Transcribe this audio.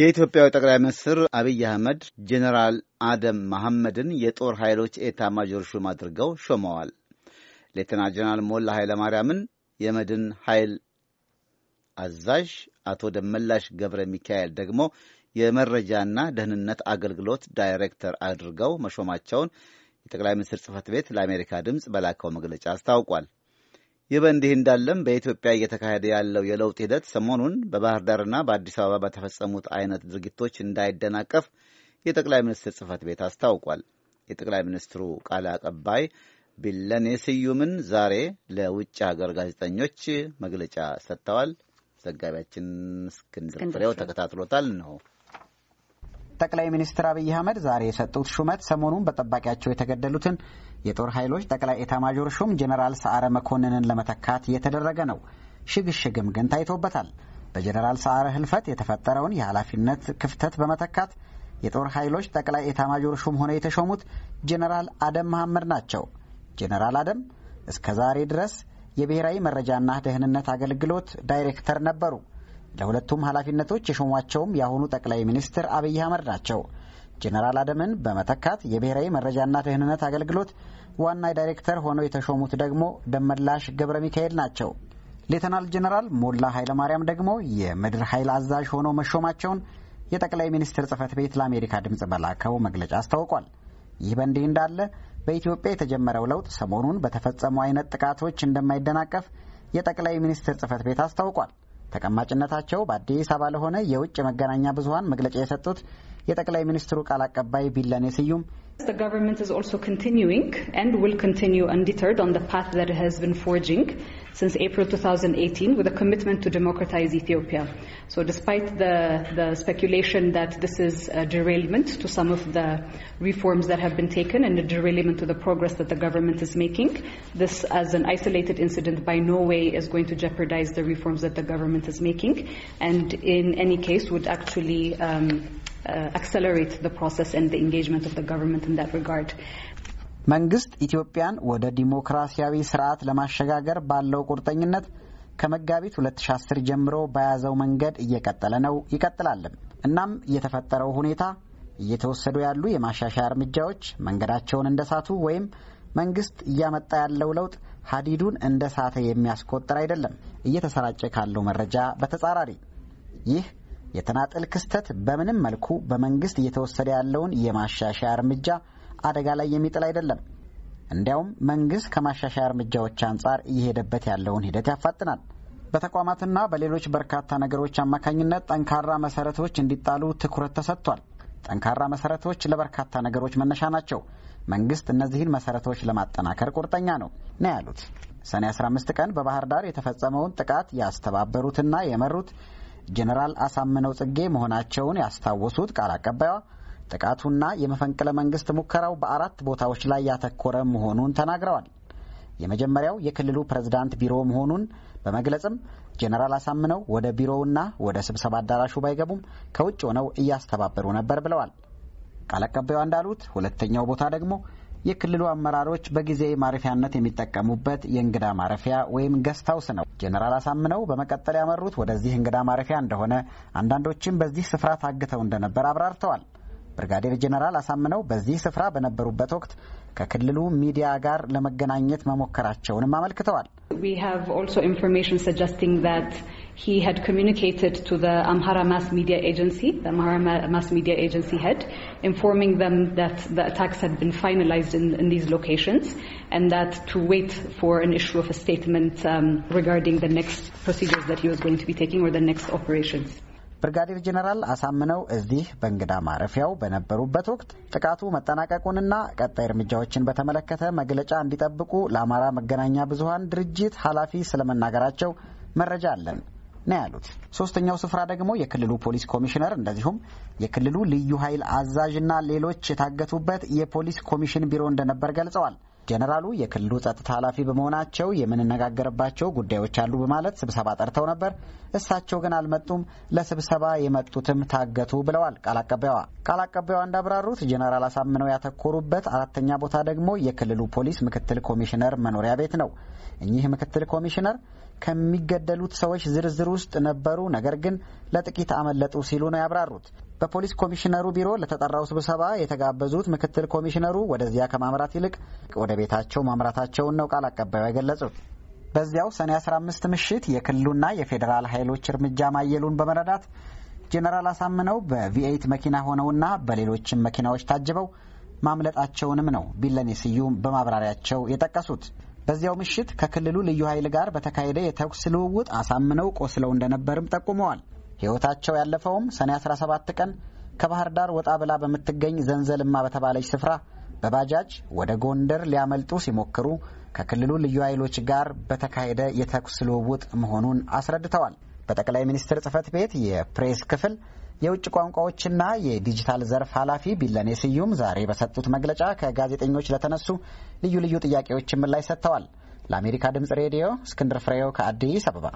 የኢትዮጵያው ጠቅላይ ሚኒስትር አብይ አህመድ ጄኔራል አደም መሐመድን የጦር ኃይሎች ኤታ ማጆር ሹም አድርገው ሾመዋል። ሌተና ጄኔራል ሞላ ኃይለማርያምን የመድን ኃይል አዛዥ፣ አቶ ደመላሽ ገብረ ሚካኤል ደግሞ የመረጃና ደህንነት አገልግሎት ዳይሬክተር አድርገው መሾማቸውን የጠቅላይ ሚኒስትር ጽህፈት ቤት ለአሜሪካ ድምፅ በላከው መግለጫ አስታውቋል። ይህ በእንዲህ እንዳለም በኢትዮጵያ እየተካሄደ ያለው የለውጥ ሂደት ሰሞኑን በባህር ዳርና በአዲስ አበባ በተፈጸሙት አይነት ድርጊቶች እንዳይደናቀፍ የጠቅላይ ሚኒስትር ጽህፈት ቤት አስታውቋል። የጠቅላይ ሚኒስትሩ ቃል አቀባይ ቢለኔ ስዩምን ዛሬ ለውጭ ሀገር ጋዜጠኞች መግለጫ ሰጥተዋል። ዘጋቢያችን እስክንድር ፍሬው ተከታትሎታል ነው ጠቅላይ ሚኒስትር አብይ አህመድ ዛሬ የሰጡት ሹመት ሰሞኑን በጠባቂያቸው የተገደሉትን የጦር ኃይሎች ጠቅላይ ኤታማዦር ሹም ጀኔራል ሰዓረ መኮንንን ለመተካት እየተደረገ ነው። ሽግሽግም ግን ታይቶበታል። በጀኔራል ሰዓረ ህልፈት የተፈጠረውን የኃላፊነት ክፍተት በመተካት የጦር ኃይሎች ጠቅላይ ኤታማዦር ሹም ሆነው የተሾሙት ጀኔራል አደም መሐመድ ናቸው። ጀኔራል አደም እስከ ዛሬ ድረስ የብሔራዊ መረጃና ደህንነት አገልግሎት ዳይሬክተር ነበሩ። ለሁለቱም ኃላፊነቶች የሾሟቸውም የአሁኑ ጠቅላይ ሚኒስትር አብይ አህመድ ናቸው። ጄኔራል አደምን በመተካት የብሔራዊ መረጃና ደህንነት አገልግሎት ዋና ዳይሬክተር ሆነው የተሾሙት ደግሞ ደመላሽ ገብረ ሚካኤል ናቸው። ሌተናል ጄኔራል ሞላ ኃይለማርያም ደግሞ የምድር ኃይል አዛዥ ሆነው መሾማቸውን የጠቅላይ ሚኒስትር ጽህፈት ቤት ለአሜሪካ ድምፅ በላከው መግለጫ አስታውቋል። ይህ በእንዲህ እንዳለ በኢትዮጵያ የተጀመረው ለውጥ ሰሞኑን በተፈጸሙ አይነት ጥቃቶች እንደማይደናቀፍ የጠቅላይ ሚኒስትር ጽህፈት ቤት አስታውቋል። ተቀማጭነታቸው በአዲስ አበባ ለሆነ የውጭ መገናኛ ብዙኃን መግለጫ የሰጡት የጠቅላይ ሚኒስትሩ ቃል አቀባይ ቢለኔ ስዩም The government is also continuing and will continue undeterred on the path that it has been forging since April 2018 with a commitment to democratize Ethiopia. So despite the, the speculation that this is a derailment to some of the reforms that have been taken and a derailment to the progress that the government is making, this as an isolated incident by no way is going to jeopardize the reforms that the government is making and in any case would actually um, uh, accelerate the process and the engagement of the government in that regard. መንግስት ኢትዮጵያን ወደ ዲሞክራሲያዊ ስርዓት ለማሸጋገር ባለው ቁርጠኝነት ከመጋቢት 2010 ጀምሮ በያዘው መንገድ እየቀጠለ ነው ይቀጥላልም። እናም የተፈጠረው ሁኔታ፣ እየተወሰዱ ያሉ የማሻሻያ እርምጃዎች መንገዳቸውን እንደሳቱ ወይም መንግስት እያመጣ ያለው ለውጥ ሀዲዱን እንደ ሳተ የሚያስቆጥር አይደለም። እየተሰራጨ ካለው መረጃ በተጻራሪ ይህ የተናጠል ክስተት በምንም መልኩ በመንግስት እየተወሰደ ያለውን የማሻሻያ እርምጃ አደጋ ላይ የሚጥል አይደለም። እንዲያውም መንግስት ከማሻሻያ እርምጃዎች አንጻር እየሄደበት ያለውን ሂደት ያፋጥናል። በተቋማትና በሌሎች በርካታ ነገሮች አማካኝነት ጠንካራ መሰረቶች እንዲጣሉ ትኩረት ተሰጥቷል። ጠንካራ መሰረቶች ለበርካታ ነገሮች መነሻ ናቸው። መንግስት እነዚህን መሰረቶች ለማጠናከር ቁርጠኛ ነው ነው ያሉት። ሰኔ 15 ቀን በባህር ዳር የተፈጸመውን ጥቃት ያስተባበሩትና የመሩት ጄኔራል አሳምነው ጽጌ መሆናቸውን ያስታወሱት ቃል አቀባይዋ ጥቃቱና የመፈንቅለ መንግስት ሙከራው በአራት ቦታዎች ላይ ያተኮረ መሆኑን ተናግረዋል። የመጀመሪያው የክልሉ ፕሬዝዳንት ቢሮ መሆኑን በመግለጽም ጄኔራል አሳምነው ወደ ቢሮውና ወደ ስብሰባ አዳራሹ ባይገቡም ከውጭ ሆነው እያስተባበሩ ነበር ብለዋል። ቃል አቀባዩ እንዳሉት ሁለተኛው ቦታ ደግሞ የክልሉ አመራሮች በጊዜ ማረፊያነት የሚጠቀሙበት የእንግዳ ማረፊያ ወይም ገስታውስ ነው። ጄኔራል አሳምነው በመቀጠል ያመሩት ወደዚህ እንግዳ ማረፊያ እንደሆነ፣ አንዳንዶችም በዚህ ስፍራ ታግተው እንደነበር አብራርተዋል። ብርጋዴር ጄኔራል አሳምነው በዚህ ስፍራ በነበሩበት ወቅት ከክልሉ ሚዲያ ጋር ለመገናኘት መሞከራቸውንም አመልክተዋል። ብርጋዴር ጀነራል አሳምነው እዚህ በእንግዳ ማረፊያው በነበሩበት ወቅት ጥቃቱ መጠናቀቁንና ቀጣይ እርምጃዎችን በተመለከተ መግለጫ እንዲጠብቁ ለአማራ መገናኛ ብዙኃን ድርጅት ኃላፊ ስለመናገራቸው መረጃ አለን ነው ያሉት። ሶስተኛው ስፍራ ደግሞ የክልሉ ፖሊስ ኮሚሽነር እንደዚሁም የክልሉ ልዩ ኃይል አዛዥና ሌሎች የታገቱበት የፖሊስ ኮሚሽን ቢሮ እንደነበር ገልጸዋል። ጀነራሉ የክልሉ ጸጥታ ኃላፊ በመሆናቸው የምንነጋገርባቸው ጉዳዮች አሉ በማለት ስብሰባ ጠርተው ነበር። እሳቸው ግን አልመጡም። ለስብሰባ የመጡትም ታገቱ ብለዋል ቃል አቀባይዋ። ቃል አቀባይዋ እንዳብራሩት ጀኔራል አሳምነው ያተኮሩበት አራተኛ ቦታ ደግሞ የክልሉ ፖሊስ ምክትል ኮሚሽነር መኖሪያ ቤት ነው። እኚህ ምክትል ኮሚሽነር ከሚገደሉት ሰዎች ዝርዝር ውስጥ ነበሩ፣ ነገር ግን ለጥቂት አመለጡ ሲሉ ነው ያብራሩት። በፖሊስ ኮሚሽነሩ ቢሮ ለተጠራው ስብሰባ የተጋበዙት ምክትል ኮሚሽነሩ ወደዚያ ከማምራት ይልቅ ወደ ቤታቸው ማምራታቸውን ነው ቃል አቀባዩ የገለጹት። በዚያው ሰኔ 15 ምሽት የክልሉና የፌዴራል ኃይሎች እርምጃ ማየሉን በመረዳት ጄኔራል አሳምነው በቪኤት መኪና ሆነውና በሌሎችም መኪናዎች ታጅበው ማምለጣቸውንም ነው ቢለኔ ስዩም በማብራሪያቸው የጠቀሱት። በዚያው ምሽት ከክልሉ ልዩ ኃይል ጋር በተካሄደ የተኩስ ልውውጥ አሳምነው ቆስለው እንደነበርም ጠቁመዋል። ሕይወታቸው ያለፈውም ሰኔ 17 ቀን ከባህር ዳር ወጣ ብላ በምትገኝ ዘንዘልማ በተባለች ስፍራ በባጃጅ ወደ ጎንደር ሊያመልጡ ሲሞክሩ ከክልሉ ልዩ ኃይሎች ጋር በተካሄደ የተኩስ ልውውጥ መሆኑን አስረድተዋል። በጠቅላይ ሚኒስትር ጽህፈት ቤት የፕሬስ ክፍል የውጭ ቋንቋዎችና የዲጂታል ዘርፍ ኃላፊ ቢለኔ ስዩም ዛሬ በሰጡት መግለጫ ከጋዜጠኞች ለተነሱ ልዩ ልዩ ጥያቄዎችን ምላሽ ሰጥተዋል። ለአሜሪካ ድምጽ ሬዲዮ እስክንድር ፍሬው ከአዲስ አበባ